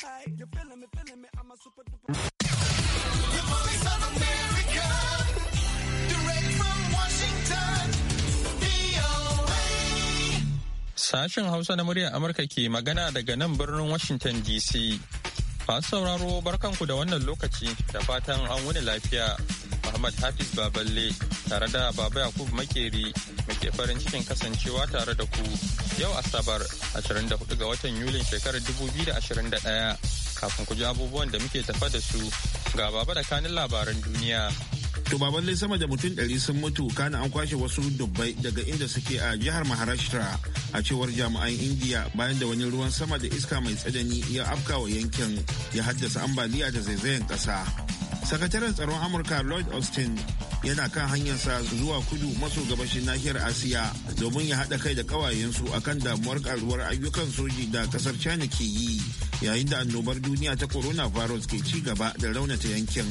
Sashen Hausa na muryar Amurka ke magana daga nan birnin Washington DC. Masu sauraro barkanku da wannan lokaci da fatan an wuni lafiya. Muhammad Hafiz Baballe tare da Baba Yakubu Makeri muke farin cikin kasancewa tare da ku yau Asabar 24 ga watan Yulin shekarar 2021 kafin ku ji abubuwan da muke tafa da su ga baba da kanin labaran duniya. To baban dai sama da mutum ɗari sun mutu kana an kwashe wasu dubbai daga inda suke a jihar Maharashtra a cewar jami'an Indiya bayan da wani ruwan sama da iska mai tsanani ya afkawa yankin ya haddasa ambaliya da zaizayen kasa. Sakataren tsaron Amurka Lloyd Austin yana kan hanyarsa zuwa kudu maso gabashin nahiyar asiya domin ya haɗa kai da ƙawayensu kan damuwar karuwar ayyukan soji da ƙasar china ke yi yayin da annobar duniya ta Corona Virus ke ci gaba da raunata yankin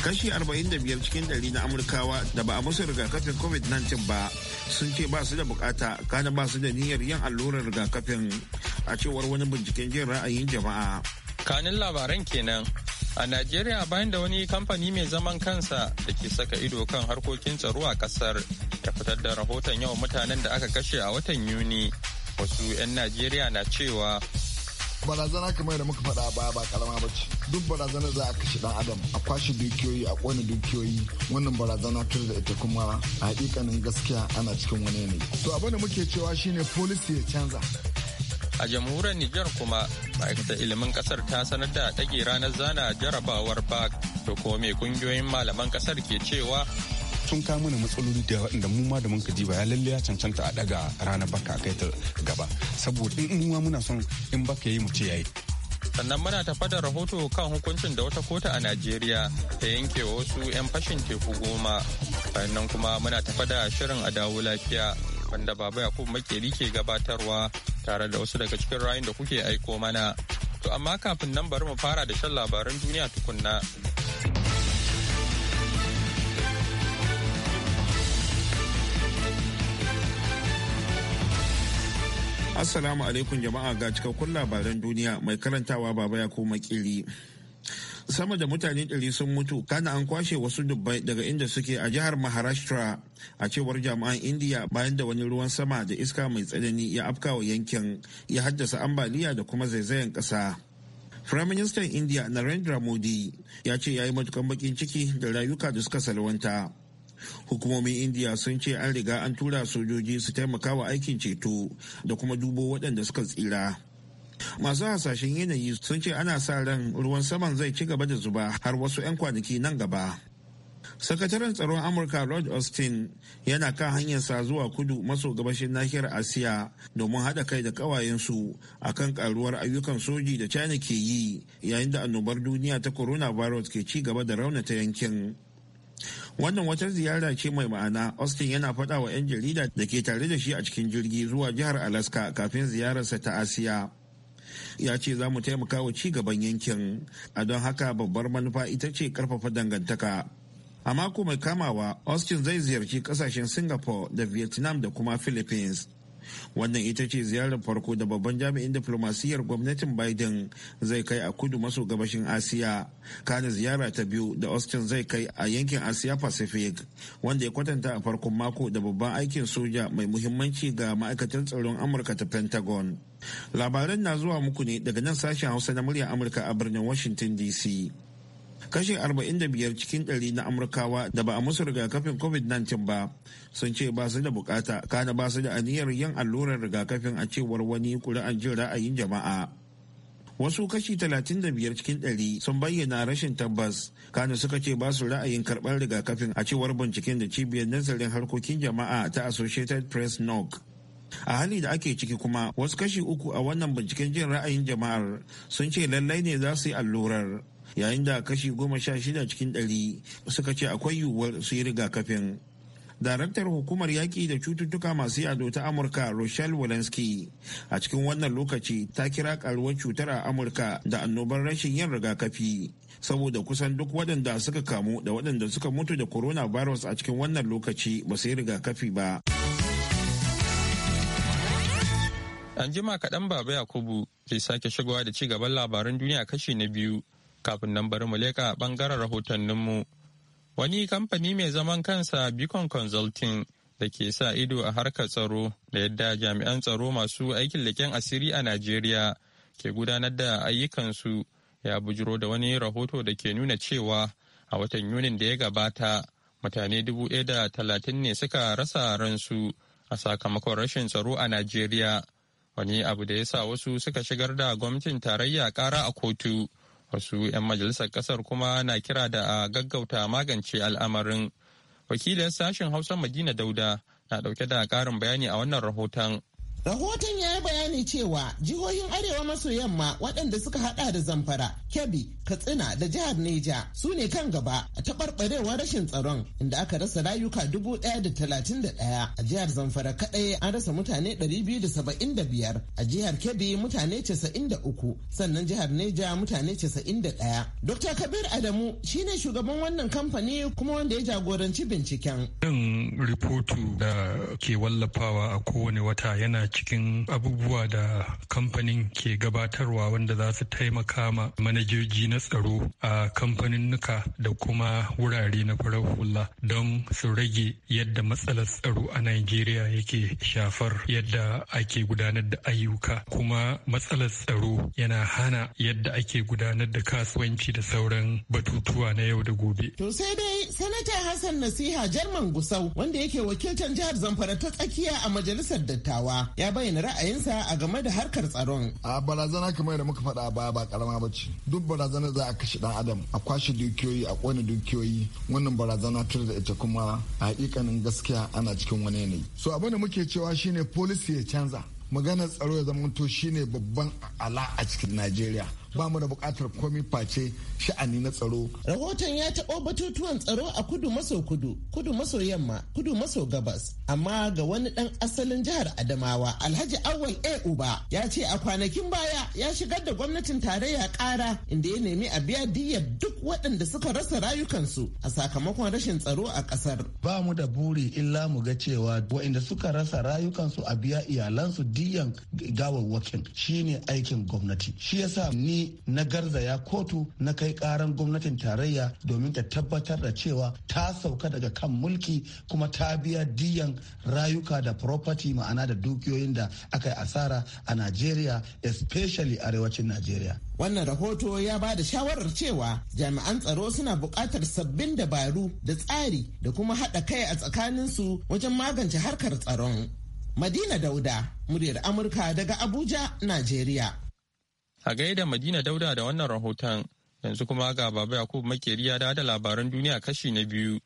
kashi 45 cikin ɗari na amurkawa da ba a musu rigakafin covid-19 ba sun ce ba su da bukata kana ba su da niyyar yin allurar rigakafin a cewar wani binciken jin ra'ayin jama'a kanin labaran kenan A Najeriya bayan da wani kamfani mai zaman kansa da ke saka ido kan harkokin tsaro a kasar ya fitar da rahoton yawan mutanen da aka kashe a watan Yuni. Wasu 'yan Najeriya na cewa barazana kamar da muka faɗa a ba karama ba ce duk barazana za a kashe dan adam a kwashe dukiyoyi a kone dukiyoyi wannan barazana tur da ita kuma a hakikanin gaskiya ana cikin wani yanayi to abin da muke cewa shine policy ya canza a jamhuriyar Nijar kuma ma'aikatar ilimin kasar ta sanar da ɗage ranar zana jarabawar bak to ko mai kungiyoyin malaman kasar ke cewa sun kawo mana matsaloli da inda mu ma da mun kaji ba ya lalle ya cancanta a daga ranar baka a kai ta gaba saboda in mu muna son in baka yi mu ce yayi sannan muna tafa da rahoto kan hukuncin da wata kota a najeriya ta yanke wasu 'yan fashin teku goma sannan kuma muna tafa da shirin a dawo lafiya wanda baba yakubu makeri ke gabatarwa tare da wasu daga cikin rayun da kuke aiko mana to amma kafin nan bari mu fara da shan labaran duniya tukunna Assalamu alaikum jama'a ga cikakkun labaran duniya mai karantawa baba ya maƙeri. sama da mutane ɗari sun mutu kana an kwashe wasu dubbai daga inda suke a jihar maharashtra a cewar jami'an indiya bayan da wani ruwan sama da iska mai tsanani ya afkawa yankin ya haddasa ambaliya da kuma zaizayen ƙasa firaministan indiya narendra modi ya ce ya yi matukan bakin ciki da rayuka da suka salwanta hukumomin indiya sun ce an riga an tura sojoji su taimaka wa aikin ceto da kuma dubo waɗanda suka tsira masu hasashen yanayi sun ce ana sa ran ruwan saman zai ci gaba da zuba har wasu 'yan kwanaki nan gaba sakataren tsaron amurka rod austin yana kan hanyarsa zuwa kudu maso gabashin nahiyar asiya domin hada kai da ƙawayensu akan karuwar ayyukan soji da china ke yi yayin da annobar duniya ta coronavirus ke ci gaba da raunata yankin wannan wata ziyara ce mai ma'ana austin yana faɗa wa 'yan jarida da ke tare da shi a cikin jirgi zuwa jihar alaska kafin ziyararsa ta asiya ya ce za mu taimaka wa ci gaban yankin a don haka babbar manufa ita ce karfafa dangantaka a mako mai kamawa austin zai ziyarci kasashen singapore da vietnam da kuma philippines wannan ita ce ziyarar farko da babban jami'in diplomasiyyar gwamnatin biden zai kai a kudu maso gabashin asiya kana ziyara ta biyu da austin zai kai a yankin asiya pacific wanda ya kwatanta a farkon mako da babban aikin soja mai muhimmanci ga ma'aikatan tsaron amurka ta pentagon labaran na zuwa muku ne daga nan sashen hausa na murya amurka a birnin washington dc kashi 45 cikin ɗari na amurkawa da ba a musu rigakafin covid-19 ba sun ce ba su da bukata kana ba su da aniyar yin allurar rigakafin a cewar wani kuri'an jin ra'ayin jama'a wasu kashi 35 cikin ɗari sun bayyana rashin tabbas kana suka ce ba su ra'ayin karɓar rigakafin a cewar binciken da cibiyar nazarin harkokin jama'a ta associated press nok. a hali da ake ciki kuma wasu kashi uku a wannan binciken jin ra'ayin jama'ar sun ce lallai ne za su yi allurar yayin da kashi goma sha shida cikin ɗari suka ce akwai yiwuwar su yi rigakafin daraktar hukumar yaƙi da cututtuka masu yado ta amurka rochelle walensky a cikin wannan lokaci ta kira karuwar cutar a amurka da annobar rashin yin rigakafi saboda kusan duk waɗanda suka kamu da waɗanda suka mutu da coronavirus a cikin wannan lokaci ba su yi rigakafi ba an jima kaɗan baba yakubu zai sake shigowa da ci gaban labaran duniya kashi na biyu kafin nan bari mu leka bangaren rahotanninmu wani kamfani mai zaman kansa beacon consulting da ke sa ido a harkar tsaro da yadda jami'an tsaro masu aikin leken asiri a najeriya ke gudanar da ayyukansu ya bujiro da wani rahoto da ke nuna cewa a watan yunin da ya gabata mutane dubu ɗaya da talatin ne suka rasa ransu a sakamakon rashin tsaro a najeriya wani abu da ya sa wasu suka shigar da gwamnatin tarayya kara a kotu Wasu 'yan majalisar ƙasar kuma na kira da a gaggauta magance al'amarin. Wakilin sashen Hausa Madina Dauda na ɗauke da ƙarin bayani a wannan rahoton. Rahoton ya yi bayani cewa jihohin Arewa maso yamma waɗanda suka hada da Zamfara, Kebbi, katsina da jihar neja su ne kan gaba a taɓarɓarewa rashin tsaron inda aka rasa rayuka dubu ɗaya da talatin da ɗaya a jihar zamfara kaɗai an rasa mutane ɗari biyu da saba'in da biyar a jihar kebbi mutane casa'in da uku sannan jihar neja mutane casa'in da ɗaya dr kabir adamu shi ne shugaban wannan kamfani kuma wanda ya jagoranci binciken. yin rifoto da ke wallafawa a kowane wata yana cikin abubuwa da kamfanin ke gabatarwa wanda za su taimaka ma manajoji na tsaro a kamfanin nuka da kuma wurare na farar hula don su rage yadda matsalar tsaro a Najeriya yake shafar yadda ake gudanar da ayyuka kuma matsalar tsaro yana hana yadda ake gudanar da kasuwanci da sauran batutuwa na yau da gobe. To sai dai Sanata Hassan Nasiha Jarman Gusau wanda yake wakiltar jihar Zamfara ta tsakiya a majalisar dattawa ya bayyana ra'ayinsa a game da harkar tsaron. A barazana kamar da muka faɗa a baya ba karama ba Duk barazana da za a kashe dan adam a kwashe dukiyoyi a kone dukiyoyi wannan barazana tun da ita kuma a hakikanin gaskiya ana cikin wani yanayi so abin da muke cewa shine policy ya canza maganar tsaro ya zama zamanto shine babban ala a cikin najeriya ba mu da bukatar komi face sha'ani na tsaro. Rahoton ya taɓo batutuwan tsaro a kudu maso kudu, kudu maso yamma, kudu maso gabas. Amma ga wani ɗan asalin jihar Adamawa, Alhaji Awal A Uba ya ce a kwanakin baya ya shigar da gwamnatin tarayya ƙara inda ya nemi a biya diyyar duk waɗanda suka rasa rayukansu a sakamakon rashin tsaro a ƙasar. Ba mu da buri illa mu ga cewa waɗanda suka rasa rayukansu a biya iyalansu diyan gawawwakin shine aikin gwamnati. Shi yasa ni na garzaya kotu na kai karan gwamnatin tarayya domin ta tabbatar da cewa ta sauka daga kan mulki kuma ta biya diyan rayuka da property ma'ana da dukiyoyin da aka yi asara a Najeriya especially arewacin Najeriya. Wannan rahoto ya ba da shawarar cewa jami'an tsaro suna buƙatar sabbin dabaru da tsari da kuma haɗa kai a tsakaninsu wajen magance harkar tsaron. Madina Dauda, muryar Amurka daga Abuja, Najeriya. A gaida Madina Dauda da wannan rahoton yanzu kuma ga Baba Yakubu Makeri ya da labaran duniya kashi na biyu.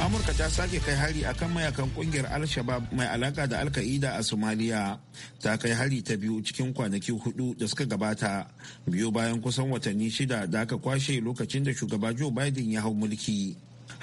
amurka ta sake kai hari a kan mayakan kungiyar al-shabab mai alaka da alka'ida a somaliya ta kai hari ta biyu cikin kwanaki hudu da suka gabata biyu bayan kusan watanni shida da aka kwashe lokacin da shugaba joe biden ya hau mulki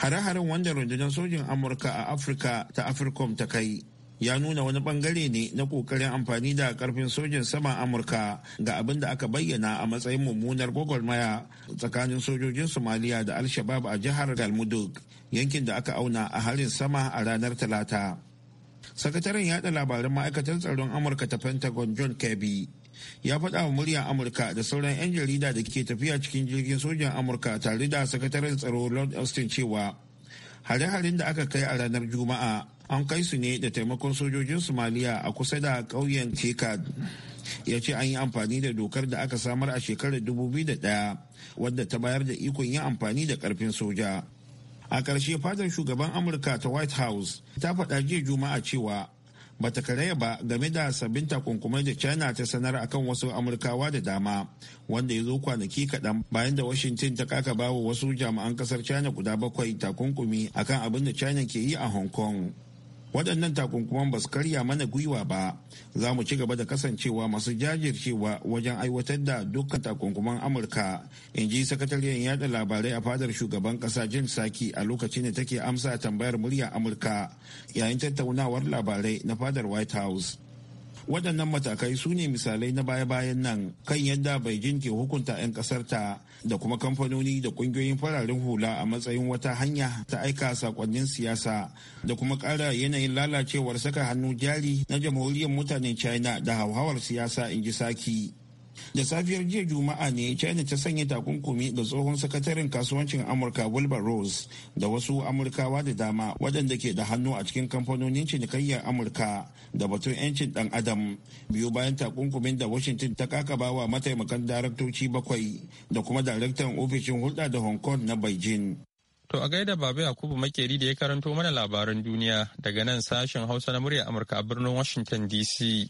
hare-haren wanda rundunar sojin amurka a afirka ta afirkom ta kai ya nuna wani bangare ne na kokarin amfani da karfin sojin saman amurka ga abin da aka bayyana a matsayin mummunar gwagwarmaya tsakanin sojojin somaliya da al-shabab a jihar galmudug yankin da aka auna a harin sama a ranar talata sakataren yada labarin ma'aikatar tsaron amurka ta pentagon john kirby ya faɗa wa muryar amurka da sauran 'yan jarida da ke tafiya cikin jirgin sojan amurka tare da sakataren tsaro lord austin cewa hare-haren da aka kai a ranar juma'a an kai su ne da taimakon sojojin somaliya a kusa da ƙauyen tekad ya ce an yi amfani da dokar da aka samar a shekarar dubu biyu da ɗaya wadda ta bayar da ikon yin amfani da karfin soja a ƙarshe fadar shugaban amurka ta white house ta faɗa jiya juma'a cewa bata karaya ba game da sabbin takunkumai da china ta sanar akan wasu amurkawa da dama wanda ya zo kwanaki kaɗan bayan da washington ta kaka bawa wasu jami'an kasar china guda bakwai takunkumi akan abin da china ke yi a hong kong waɗannan takunkuman ba su karya mana gwiwa ba za mu ci gaba da kasancewa masu jajircewa wajen aiwatar da dukkan takunkuman amurka in ji sakatariyar yada labarai a fadar shugaban ƙasa jin saki a lokacin da take amsa tambayar muryar amurka yayin tattaunawar labarai na fadar white house waɗannan matakai su ne misalai na baya-bayan nan kan yadda beijing ke hukunta 'yan ƙasarta da kuma kamfanoni da ƙungiyoyin fararen hula a matsayin wata hanya ta aika sakonnin siyasa da kuma ƙara yanayin lalacewar saka hannu jari na jamhuriyar mutanen china da hauhawar siyasa in ji saki da safiyar jiya juma'a ne china ta sanya takunkumi ga tsohon sakataren kasuwancin amurka wilbur rose da wasu amurkawa da dama waɗanda ke da hannu a cikin kamfanonin cinikayyar amurka da batun 'yancin dan adam biyu bayan takunkumin da washington ta kakabawa mataimakan daraktoci bakwai da kuma daraktan ofishin hulɗa da hong kong na beijing To a gaida babu Yakubu Makeri da ya karanto mana labaran duniya daga nan sashen Hausa na murya Amurka a birnin Washington DC.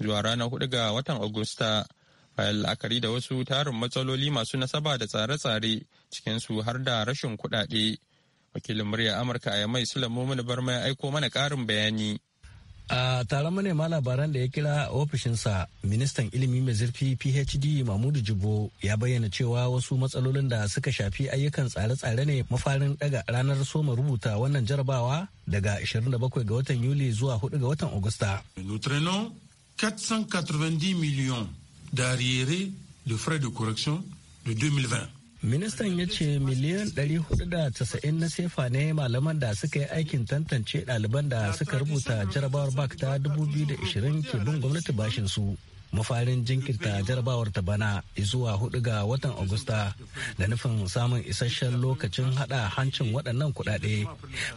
zuwa ranar hudu ga watan Agusta bayan la'akari da wasu tarin matsaloli masu nasaba da tsare-tsare cikinsu har da rashin kuɗaɗe. Wakilin murya Amurka a Yamai Sulaimu mana Barma ya aiko mana ƙarin bayani. A taron manema labaran da ya kira ofishinsa, ministan ilimi mai zurfi PhD Mahmudu Jibo ya bayyana cewa wasu matsalolin da suka shafi ayyukan tsare-tsare ne mafarin daga ranar soma rubuta wannan jarabawa daga 27 ga watan Yuli zuwa 4 ga watan Agusta. 490 millions d'arriérés de frais de correction de 2020. ministan ya ce miliyan 490 na sefa ne malaman da suka yi aikin tantance ɗaliban da suka rubuta jarabawar bak ta 2020 ke bin gwamnati bashin su mafarin jinkirta jarabawar ta bana zuwa hudu ga watan agusta da nufin samun isasshen lokacin hada hancin waɗannan kuɗaɗe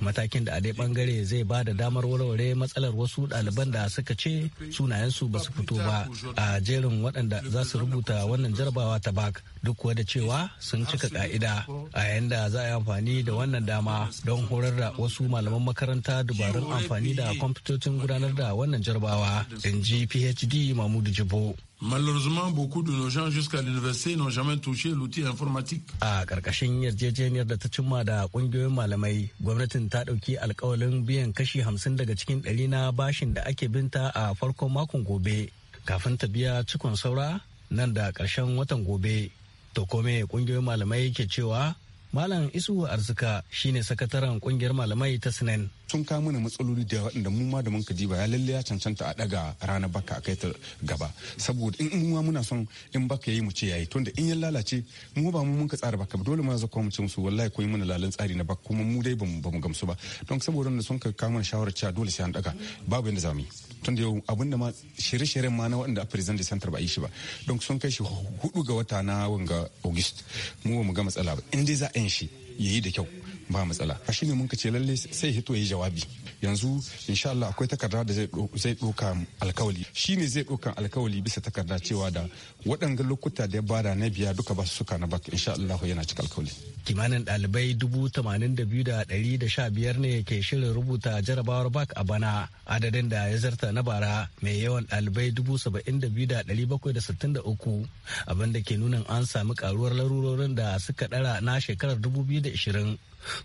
matakin da adai dai bangare zai ba da damar warware matsalar wasu ɗaliban da suka ce sunayensu ba su fito ba a jerin waɗanda za su rubuta wannan jarabawa ta bak duk kuwa da cewa sun cika ka'ida a yayin da za a yi amfani da wannan dama don horar da wasu malaman makaranta dubarun amfani da kwamfutocin gudanar da wannan jarabawa in ji phd mahmudu Jibo. Malheureusement, beaucoup de nos gens jusqu'à l'université n'ont jamais touché l'outil informatique. A ƙarƙashin yarjejeniyar da ta cimma da ƙungiyoyin malamai, gwamnatin ta ɗauki alƙawalin biyan kashi hamsin daga cikin ɗari na bashin da ake binta a farkon makon gobe. Kafin ta biya cikon saura nan da ƙarshen watan gobe. To kome ƙungiyoyin malamai ke cewa Malam Isu Arzika shine sakataren ƙungiyar malamai ta Sinan. sun kawo mana matsaloli da waɗanda mu ma da mun diba ya lalle ya cancanta a daga ranar baka a kai ta gaba saboda in mu ma muna son in baka yi mu ce yayi tunda in ya lalace mu ba mu mun ka tsara baka ba dole ma za mu ce musu wallahi koyi mana lalan tsari na baka kuma mu dai ba mu gamsu ba don saboda wanda sun ka kawo mana shawarar cewa dole sai an daga babu yanda za mu yi tunda yau abinda ma shirye-shiryen ma na waɗanda a president da center ba yi shi ba don sun kai shi hudu ga wata na wanga august mu ba mu ga matsala ba in dai za a yi shi yayi da kyau ba matsala a shine mun ka ce lalle sai hito ya jawabi yanzu insha Allah akwai takarda da zai doka alkawali shi ne zai doka alkawali bisa takarda cewa da waɗanga lokuta da ya bada na biya duka ba su suka na baka insha Allah yana cika alkawali kimanin ɗalibai dubu tamanin da biyu da ɗari da sha biyar ne ke shirin rubuta jarabawar bak a bana adadin da ya zarta na bara mai yawan ɗalibai dubu saba'in da biyu da ɗari bakwai da sittin da uku abin da ke nuna an sami karuwar larurorin da suka ɗara na shekarar dubu biyu da ishirin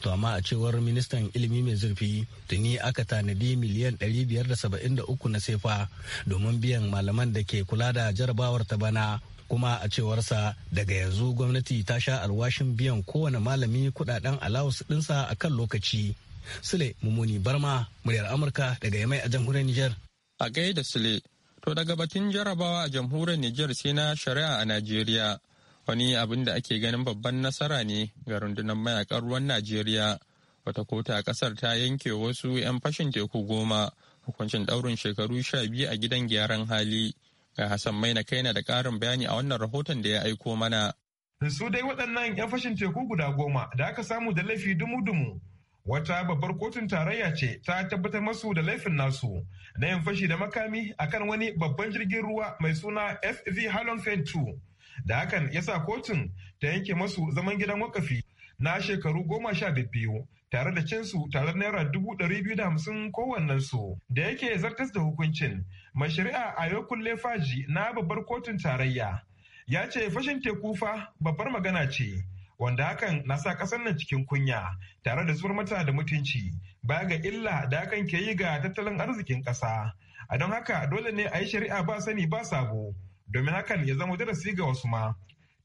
To amma a cewar ministan ilimi mai zurfi tuni aka tanadi miliyan 573 na sefa domin biyan malaman da ke kula da jarabawar ta bana kuma a cewarsa daga yanzu gwamnati ta sha alwashin biyan kowane malami kudaden alawus dinsa a kan lokaci. Sule Mumuni Barma, muryar Amurka daga Yamai a jamhuriyar Nijar. A gaida Sule, to daga batun jarabawa a jamhuriyar Nijar sai na shari'a a Najeriya. wani abin da ake ganin babban nasara ne ga rundunar mayakan ruwan najeriya wata kota kasar ta yanke wasu 'yan fashin teku goma hukuncin daurin shekaru sha biyu a gidan gyaran hali ga hassan maina kaina da karin bayani a wannan rahoton da ya aiko mana su dai waɗannan 'yan fashin teku guda goma da aka samu da laifi dumu-dumu wata babbar kotun tarayya ce ta tabbatar masu da laifin nasu na yin fashi da makami akan wani babban jirgin ruwa mai suna fv halon 2 da hakan ya sa kotun ta yanke masu zaman gidan wakafi na shekaru goma sha biyu tare da cinsu tare naira dubu ɗari biyu da hamsin kowannen su da yake zartas da hukuncin mai shari'a a yau faji na babbar kotun tarayya ya ce fashin teku fa babbar magana ce wanda hakan na sa ƙasar nan cikin kunya tare da zubar mata da mutunci baya ga illa da hakan ke yi ga tattalin arzikin ƙasa a don haka dole ne a yi shari'a ba sani ba sabo domin hakan ya zama darasi ga wasu ma.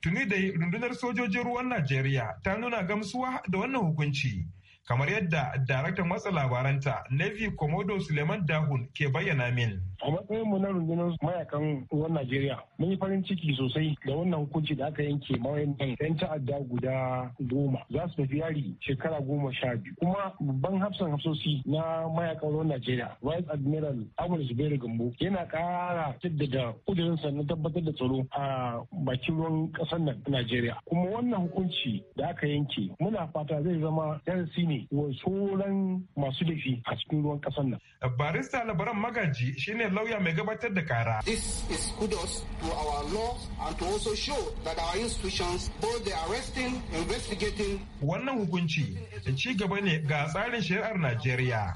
Tuni dai rundunar sojojin ruwan Najeriya ta nuna gamsuwa da wannan hukunci kamar yadda daraktan watsa labaranta navy komodo suleiman dahun ke bayyana min a mu na rundunar mayakan ruwan najeriya mun yi farin ciki sosai da wannan hukunci da aka yanke mawayan yan ta'adda guda goma za su tafi yari shekara goma sha biyu kuma babban hafsan hafsosi na mayakan ruwan najeriya vice admiral abul zubairu gambo yana kara jaddada kudurinsa na tabbatar da tsaro a bakin ruwan kasar nan najeriya kuma wannan hukunci da aka yanke muna fata zai zama darasi ne ne wa masu laifi a cikin ruwan kasan nan. Barista labaran magaji shine lauya mai gabatar da kara. This is kudos to our law and to also show that our institutions both the arresting, investigating. Wannan hukunci ci gaba ne ga tsarin shari'ar Najeriya.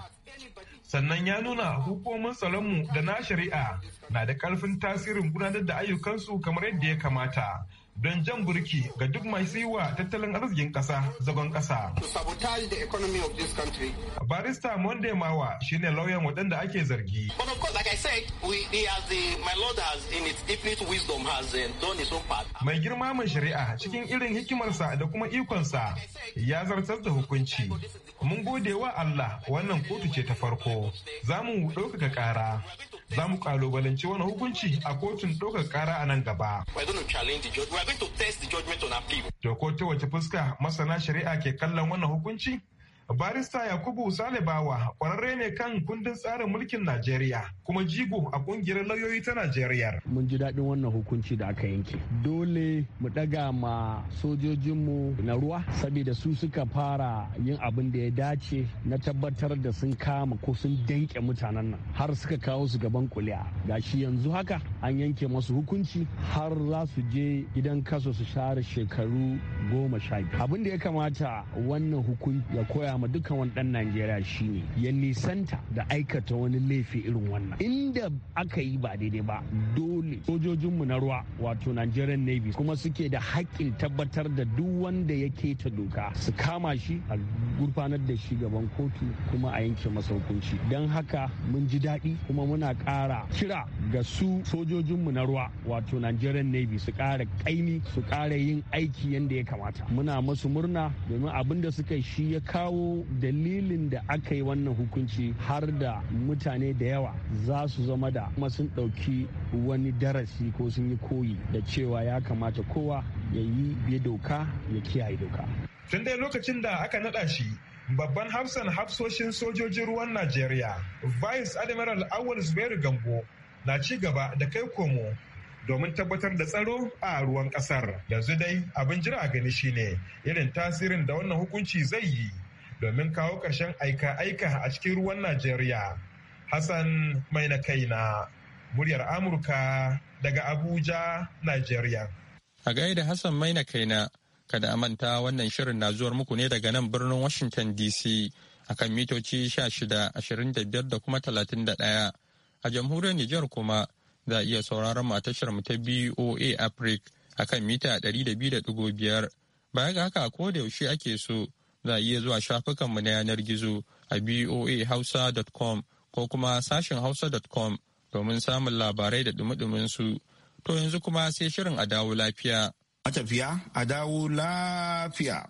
sannan ya nuna hukumomin tsaronmu da na shari'a na da ƙarfin tasirin gudanar da ayyukansu kamar yadda ya kamata don jan burki ga duk mai yi tattalin arzikin ƙasa zagon ƙasa. Barista Monday Mawa shi ne lauyan waɗanda ake zargi. Mai girma mai shari'a cikin irin hikimarsa da kuma ikonsa ya zartar da hukunci. Mun gode wa Allah wannan kotu ce ta farko. Za mu ɗaukaka ƙara. Za mu ƙalubalanci wani hukunci a kotun ɗaukaka ƙara a nan gaba. are going to test the judgment on appeal. Da ko ta wace fuska masana shari'a ke kallon wannan hukunci? Barista Yakubu Salibawa kwararre ne kan kundin tsarin mulkin Najeriya kuma jigo a kungiyar lauyoyi ta Najeriya. Mun ji daɗin wannan hukunci da aka yanke. Dole mu ɗaga ma sojojinmu na ruwa saboda su suka fara yin abin da ya dace na tabbatar da sun kama ko sun danke mutanen nan har suka kawo su gaban kuliya. shi yanzu haka an yanke masu hukunci har za su je gidan kaso su share shekaru goma sha biyu. Abin da ya kamata wannan hukunci ya koya ma dukkan wani dan Najeriya shine ya nisanta da aikata wani laifi irin wannan. Inda aka yi ba daidai ba dole sojojinmu na ruwa wato Nigerian Navy kuma suke da haƙƙin tabbatar da duk wanda ya keta doka su kama shi a gurfanar da shi gaban kotu kuma a yanke masa hukunci. Don haka mun ji daɗi kuma muna ƙara kira ga su sojojinmu na ruwa wato Nigerian Navy su ƙara ƙaimi su ƙara yin aiki yadda ya kamata. Muna musu murna domin abin da suka shi ya kawo ko dalilin da aka yi wannan hukunci har da mutane da yawa za su zama da kuma sun ɗauki wani darasi ko sun yi koyi da cewa ya kamata kowa ya yi ya doka ya kiyaye doka. Tun dai lokacin da aka naɗa shi babban hafsan hafsoshin sojojin ruwan Najeriya, Vice Admiral Awal Zubairu Gambo na ci gaba da kai komo domin tabbatar da tsaro a ruwan kasar. Yanzu dai abin jira gani shine irin tasirin da wannan hukunci zai yi domin kawo ƙarshen aika-aika a cikin ruwan Najeriya. Hassan mai na kaina, muryar Amurka daga Abuja, Najeriya. A gaida Hassan mai na kaina, kada a manta wannan shirin na zuwar muku ne daga nan birnin Washington DC a kan mitoci 16, 25 da kuma 31. A jamhuriyar Nijar kuma za a iya sauraron mu a tashar mu ta BOA Africa a kan mita 200.5. Baya ga haka a koda yaushe ake so za iya zuwa shafukanmu na yanar gizo a voahausa.com ko kuma sashen hausa.com domin samun labarai da dumi su. To yanzu kuma sai shirin a dawo lafiya. Matafiya a dawo lafiya.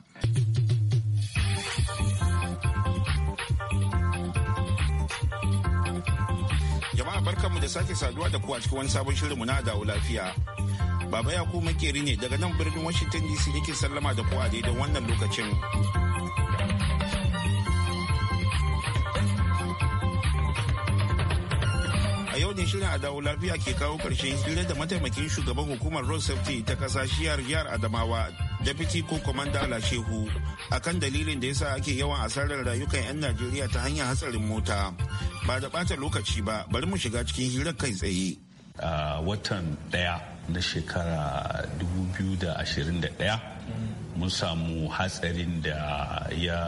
Jama'a barkanmu da sake saduwa da kuwa a cikin wani sabon mu na dawo lafiya. Baba ya Yakubu makeri ne daga nan birnin Washington DC yake sallama da kuwa daidai wannan lokacin. ne shirin a dawo lafiya ke kawo karshen hira da mataimakin shugaban hukumar road safety ta kasa shiyar yar adamawa deputy ko commander alashehu akan dalilin da yasa ake yawan asarar rayukan 'yan najeriya ta hanyar hatsarin mota ba da bata lokaci ba bari mu shiga cikin hirar kai tsaye a watan daya na shekara 2021 mun samu hatsarin da ya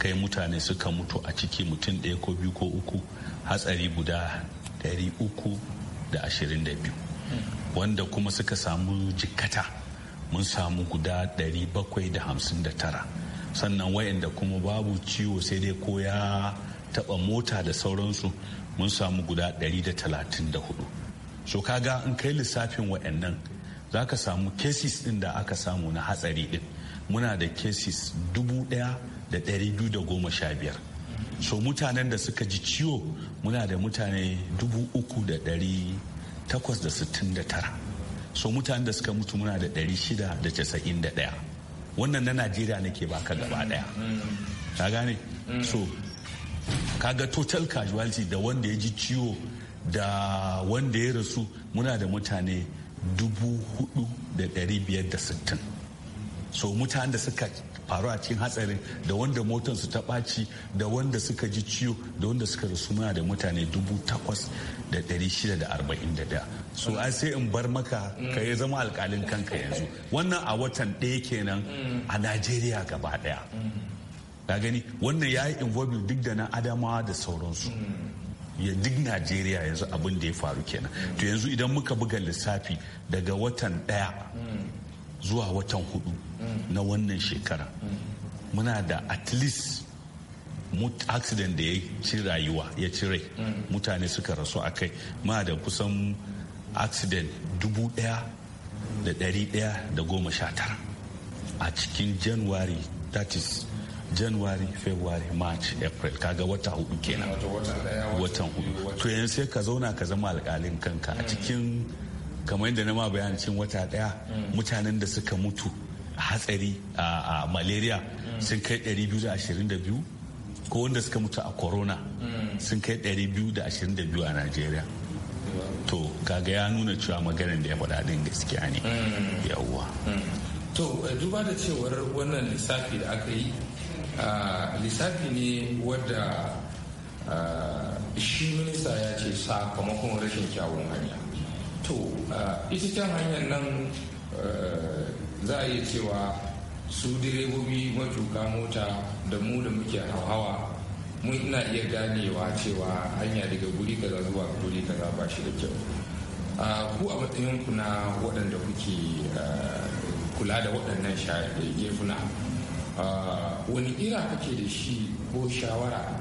kai mutane suka mutu a ciki mutum ɗaya ko biyu ko uku hatsari guda 322 wanda kuma suka samu jikkata mun samu guda 759 sannan wayanda kuma babu ciwo sai dai ko ya taba mota da sauransu mun samu guda 134 so kaga in kai lissafin wayannan za ka samu cases din da aka samu na hatsari din muna da cases 1215 so mutanen da suka ji ciwo muna da mutane dubu uku da tara so mutanen da suka mutu muna da 691 shida da ɗaya wannan na najeriya nake baka gaba daya. ka gane so kaga total casualty da wanda ya ji ciwo da wanda ya rasu muna da mutane dubu hudu so mutanen da suka faru a cikin hatsarin da wanda motar su ta ɓaci da wanda suka ji ciwo da wanda suka rasu muna da mutane dubu takwas da ɗari shida da arba'in da so ai sai in bar maka ka yi zama alkalin kanka yanzu wannan a watan ɗaya kenan a najeriya gaba ɗaya ka gani wannan ya yi involving duk da na adamawa da sauransu ya duk najeriya yanzu abin da ya faru kenan to yanzu idan muka buga lissafi daga watan ɗaya zuwa watan hudu na wannan shekara muna da at least accident da ya ci rayuwa ya ci rai mutane suka rasu a kai muna da kusan accident dubu daya da dari daya da goma sha a cikin january that is january february march april kaga wata hudu kenan watan hudu to yanzu sai ka zauna ka zama alkalin kanka a cikin kamar yadda na ma bayanin wata daya mm. mutanen da suka mutu hatsari a malaria mm. sun kai 222 ko wanda suka mutu a corona mm. sun kai 222 a najeriya to kaga ya nuna cewa maganin da ya faɗa din gaskiya ne mm. yawwa to eh, duba da cewar wannan lissafi da aka yi lissafi ne wadda shi minista ya ce sakamakon rashin kyawun hanya to ita can hanyar nan eh, za a iya cewa su direbobi matuka mota da mu da muke hawa mun ina iya ganewa cewa hanya daga guri kaza zuwa guri kaza ba shi da kyau ku a matsayinku na waɗanda kuke kula da waɗannan gefuna wani ira kake da shi ko shawara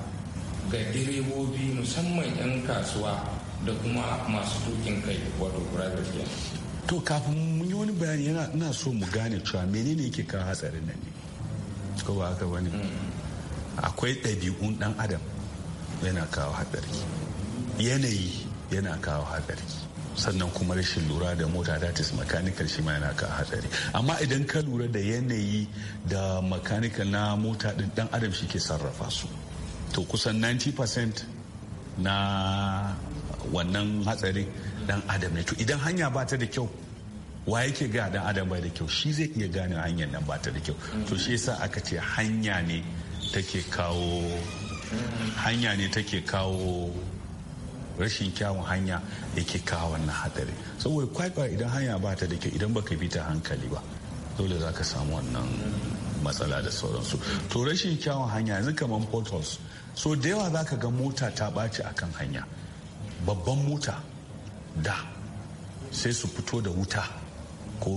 ga direbobi musamman 'yan kasuwa da kuma masu tukin kai wato private to kafin mun yi wani bayani yana ina so mu gane cewa menene yake kawo hatsarin nan ne ko ba haka bane akwai ɗabi'un ɗan adam yana kawo hatsari yanayi yana kawo hatsari sannan kuma rashin lura da mota da tis mechanical shi ma yana kawo hatsari amma idan ka lura da yanayi da mechanical na mota ɗin ɗan adam shi ke sarrafa su to kusan 90% na wannan hatsarin dan adam ne to idan hanya ba ta da kyau wa yake ga dan adam bai da kyau shi zai iya gane hanyar nan ba ta da kyau to shi yasa aka ce hanya ne take kawo hanya ne take kawo rashin kyawun hanya yake kawo wannan hadari saboda kwaikwa idan hanya ba ta da kyau idan baka bi ta hankali ba dole za ka samu wannan matsala da sauransu to rashin kyawun hanya yanzu kamar portals so da yawa za ka ga mota ta ɓaci akan hanya babban mota da sai su fito da wuta ko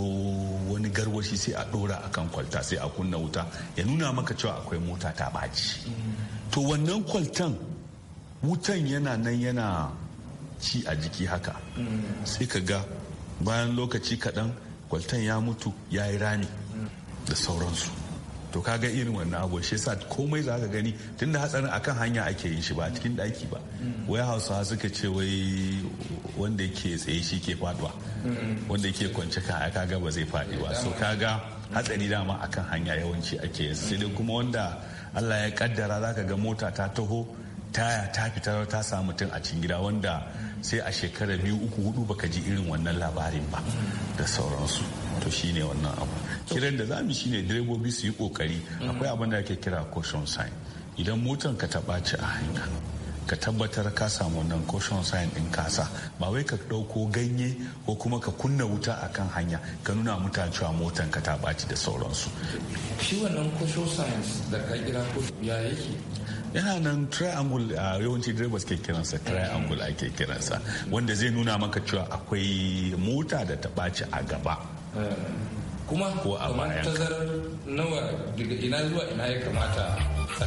wani garwashi sai a dora kan kwalta sai a kunna wuta ya nuna maka cewa akwai mota ta ɓaci to wannan kwaltan wutan yana nan yana ci a jiki haka sai ka ga bayan lokaci kaɗan kwaltan ya mutu ya yi rami da sauransu to kaga irin wannan abu shi yasa komai za ka gani tunda hatsarin akan hanya ake yin shi ba cikin daki ba wai hausa suka ce wai wanda ke tsaye shi ke faduwa wanda ke kwance kan kaga ba zai faɗi ba so ga hatsari dama akan hanya yawanci ake yin sai dai kuma wanda Allah ya kaddara za ka ga mota ta taho taya ta fitar ta samu mutum a cikin gida wanda sai a shekara biyu uku hudu baka ji irin wannan labarin ba da sauransu to shine wannan abu kiran da zamu shine direbobi su yi kokari akwai abin da ake kira caution sign idan motan ka ta ɓaci a hanya ka tabbatar ka samu wannan caution sign din kasa ba wai ka ɗauko ganye ko kuma ka kunna wuta a kan hanya ka nuna mutane cewa motan ka ta ɓaci da sauransu shi wannan caution signs da ka kira ko ya yake yana nan triangle a yawanci drivers ke kiransa triangle ake kiransa wanda zai nuna maka cewa akwai mota da ta ɓaci a gaba eh. kuma ko a bayan tazarar nawa daga ina zuwa ina ya kamata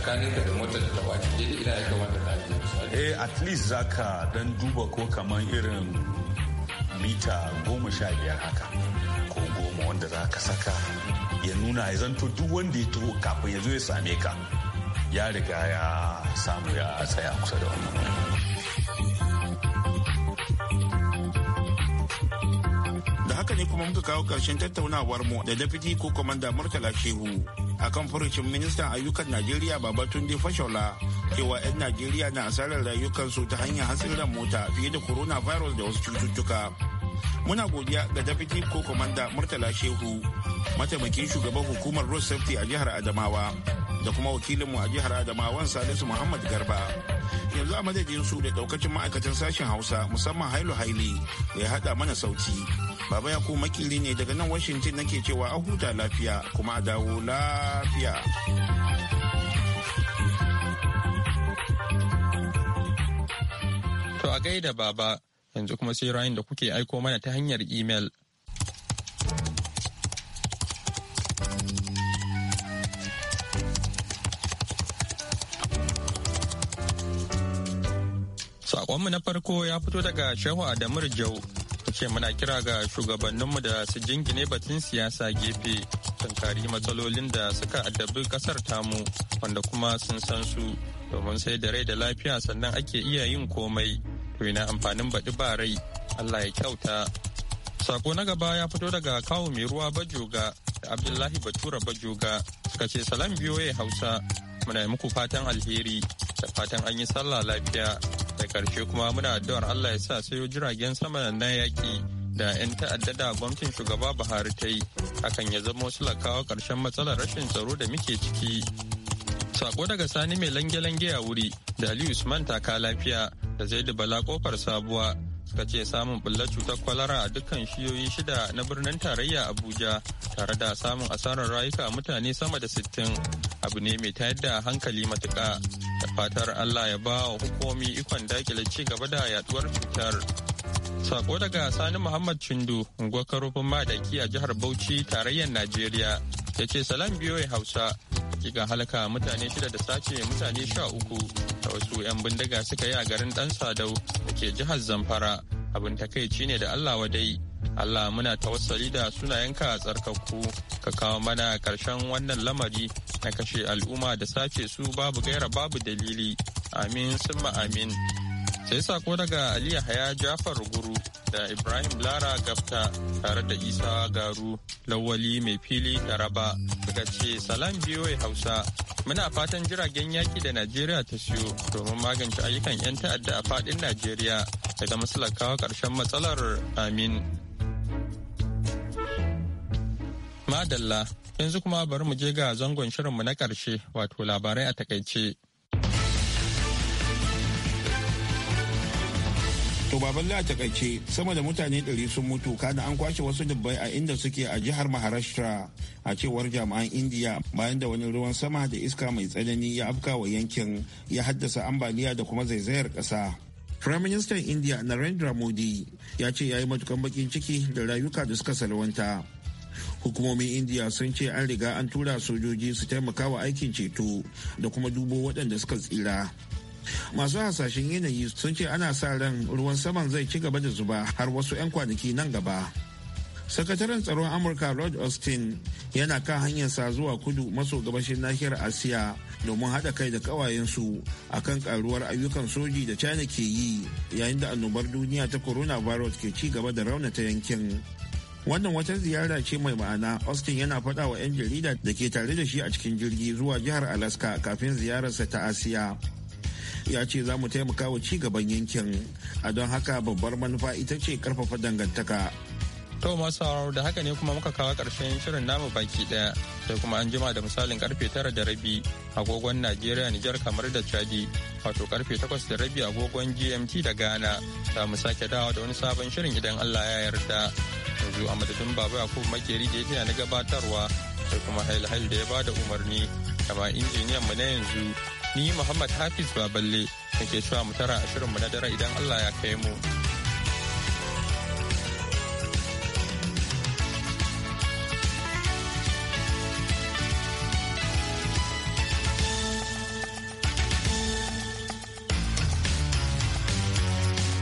ka da motar da ta wace da ina ya kamata ta eh at least zaka dan duba ko kaman irin mita goma sha biyar haka ko goma wanda za ka saka ya nuna ya zanto duk wanda ya taho kafin ya zo ya same ka ya riga ya samu ya tsaya kusa da wannan ne kuma muka kawo karshen tattaunawar mu da deputy ko kwamanda Murtala Shehu kan furucin ministan ayyukan Najeriya Babatunde Fashola cewa 'yan Najeriya na asarar rayukansu ta hanyar ran mota fiye da coronavirus da wasu cututtuka. Muna godiya ga deputy ko kwamanda Murtala Shehu mataimakin shugaban hukumar road safety a jihar adamawa da kuma wakilinmu a jihar adamawan salisu muhammad garba yanzu a madadin su da daukacin ma'aikatan sashen hausa musamman hailu haili da ya haɗa mana sauti Baba ya ku makili ne daga nan Washington nake cewa a huta lafiya kuma a dawo lafiya. To a gaida baba yanzu kuma sai rayun da kuke aiko mana ta hanyar imel. Sakonmu na farko ya fito daga Shehu Adamu Jau ce muna kira ga shugabanninmu da su jingine batun siyasa gefe tunkari matsalolin da suka addabi kasar tamu wanda kuma sun san su domin sai da rai da lafiya sannan ake iya yin komai to ina amfanin baɗi ba rai allah ya kyauta sako na gaba ya fito daga kawo mai ruwa bajoga da abdullahi batura bajoga suka ce salam biyoye hausa muna yi muku fatan alheri da fatan an yi sallah lafiya da karshe kuma muna addu'ar Allah ya sa sayo jiragen sama na yaƙi da 'yan ta'addada da gwamnatin shugaba Buhari ta yi hakan ya zama wasu lakawa ƙarshen matsalar rashin tsaro da muke ciki. Sako daga Sani mai lange-lange a wuri da Aliyu Usman taka lafiya da Zaidu Bala kofar sabuwa suka ce samun bullar cutar kwalara a dukkan shiyoyi shida na birnin tarayya abuja tare da samun asarar rayuka mutane sama da sittin abu ne mai tayar da hankali matuka da fatar allah ya ba wa hukumomi ikon dakile ci gaba da yaduwar cutar sako daga sani muhammad chindu unguwar rufin madaki a jihar bauchi tarayyar najeriya ya ce salam biyoyi hausa kika halaka mutane shida da sace mutane sha uku wasu 'yan bindiga suka yi a garin dan sadau da ke jihar zamfara abin takaici ne da allah wadai allah muna tawassali da sunayenka a tsarkaku ka kawo mana karshen wannan lamari na kashe al'umma da sace su babu gaira babu dalili amin summa amin sai sako daga ali haya jafar guru da ibrahim lara gafta tare da isa garu lawali mai fili taraba daga ce salam biyoyi hausa muna fatan jiragen yaki da najeriya ta siyo domin magance ayyukan 'yan ta'adda a fadin najeriya daga masalar kawo karshen matsalar amin madalla yanzu kuma bari mu je ga zangon shirinmu na karshe wato labarai a takaice To baban a takaice sama da mutane ɗari sun mutu kada an kwashe wasu dubbai a inda suke a jihar Maharashtra a cewar jami'an Indiya bayan da wani ruwan sama da iska mai tsanani ya afka wa yankin ya haddasa ambaliya da kuma zaizayar ƙasa. Prime Minister India Narendra Modi ya ce ya yi matukan bakin ciki da rayuka da suka salwanta. Hukumomin India sun ce an riga an tura sojoji su taimaka wa aikin ceto da kuma dubo waɗanda suka tsira. masu hasashen yanayi sun ce ana sa ran ruwan saman zai ci gaba da zuba har wasu 'yan kwanaki nan gaba sakataren tsaron amurka rod austin yana kan hanyarsa zuwa kudu maso gabashin nahiyar asiya domin haɗa kai da ƙawayensu a kan ƙaruwar ayyukan soji da china ke yi yayin da annobar duniya ta coronavirus ke ci gaba da raunata yankin wannan wata ziyara ce mai ma'ana austin yana faɗa wa 'yan jarida da ke tare da shi a cikin jirgi zuwa jihar alaska kafin ziyararsa ta asiya ya ce za mu taimaka wa ci gaban yankin a don haka babbar manufa ita ce karfafa dangantaka To masu sauraro da haka ne kuma muka kawo ƙarshen shirin namu baki ɗaya sai kuma an jima da misalin karfe tara da rabi agogon Najeriya Nijar kamar da Chadi wato karfe takwas da rabi agogon GMT da Ghana za mu sake dawo da wani sabon shirin idan Allah ya yarda. Yanzu a madadin Baba Yakubu Makeri da ya na gabatarwa sai kuma Hail Hail da ya bada umarni kama injiniyan mu na yanzu ni Muhammad Hafiz Baballe nake cewa mu tara a shirinmu na dare idan Allah ya kai mu.